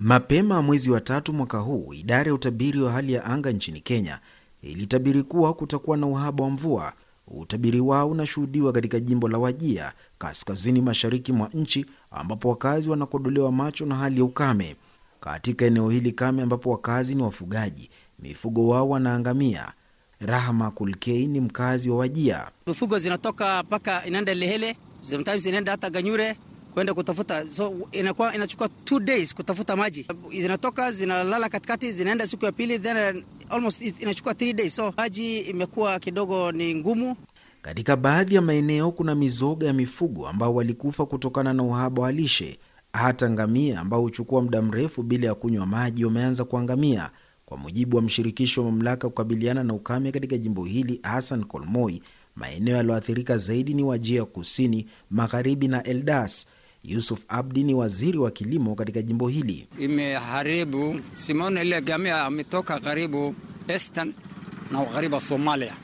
Mapema mwezi wa tatu mwaka huu, idara ya utabiri wa hali ya anga nchini Kenya ilitabiri kuwa kutakuwa na uhaba wa mvua. Utabiri wao unashuhudiwa katika jimbo la Wajia, kaskazini mashariki mwa nchi, ambapo wakazi wanakodolewa macho na hali ya ukame. Katika eneo hili kame, ambapo wakazi ni wafugaji, mifugo wao wanaangamia. Rahma Kulkei ni mkazi wa Wajia. mifugo zinatoka mpaka inaenda Lehele, sometimes inaenda hata Ganyure kwenda kutafuta, so inakuwa inachukua two days kutafuta maji, zinatoka zinalala katikati, zinaenda siku ya pili, then almost inachukua three days, so maji imekuwa kidogo ni ngumu. Katika baadhi ya maeneo kuna mizoga ya mifugo ambao walikufa kutokana na uhaba wa lishe. Hata ngamia ambao huchukua muda mrefu bila ya kunywa maji wameanza kuangamia. Kwa mujibu wa mshirikisho wa mamlaka kukabiliana na ukame katika jimbo hili Hassan Kolmoi, maeneo yaliyoathirika zaidi ni Wajia Kusini, Magharibi na Eldas. Yusuf Abdi ni waziri wa kilimo katika jimbo hili. Imeharibu Simone ile gamia ametoka karibu Eastern na ugharibu wa Somalia.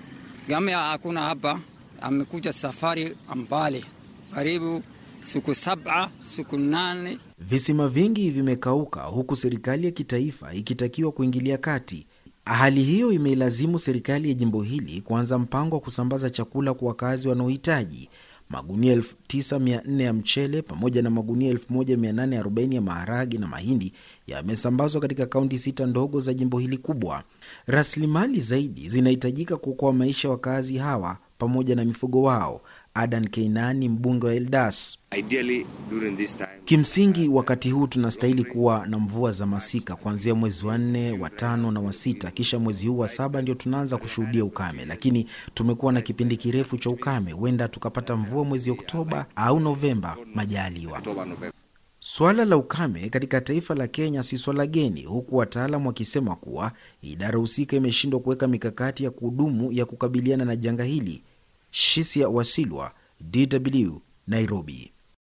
Gamia hakuna hapa, amekuja safari mbali karibu siku saba, siku nane. Visima vingi vimekauka huku serikali ya kitaifa ikitakiwa kuingilia kati. Hali hiyo imeilazimu serikali ya jimbo hili kuanza mpango wa kusambaza chakula kwa wakazi wanaohitaji magunia 9400 ya mchele pamoja na magunia 1840 ya maharagi na mahindi yamesambazwa katika kaunti sita ndogo za jimbo hili kubwa. Rasilimali zaidi zinahitajika kuokoa maisha wakazi hawa pamoja na mifugo wao. Adan Keinani, mbunge wa Eldas. Kimsingi, uh, wakati huu tunastahili kuwa na mvua za masika kuanzia mwezi wa nne, wa tano na wa sita, kisha mwezi huu wa saba ndio tunaanza kushuhudia ukame, lakini tumekuwa na kipindi kirefu cha ukame. Huenda tukapata mvua mwezi Oktoba au Novemba majaliwa. Swala la ukame katika taifa la Kenya si swala geni, huku wataalamu wakisema kuwa idara husika imeshindwa kuweka mikakati ya kudumu ya kukabiliana na janga hili. Shisia Wasilwa, DW Nairobi.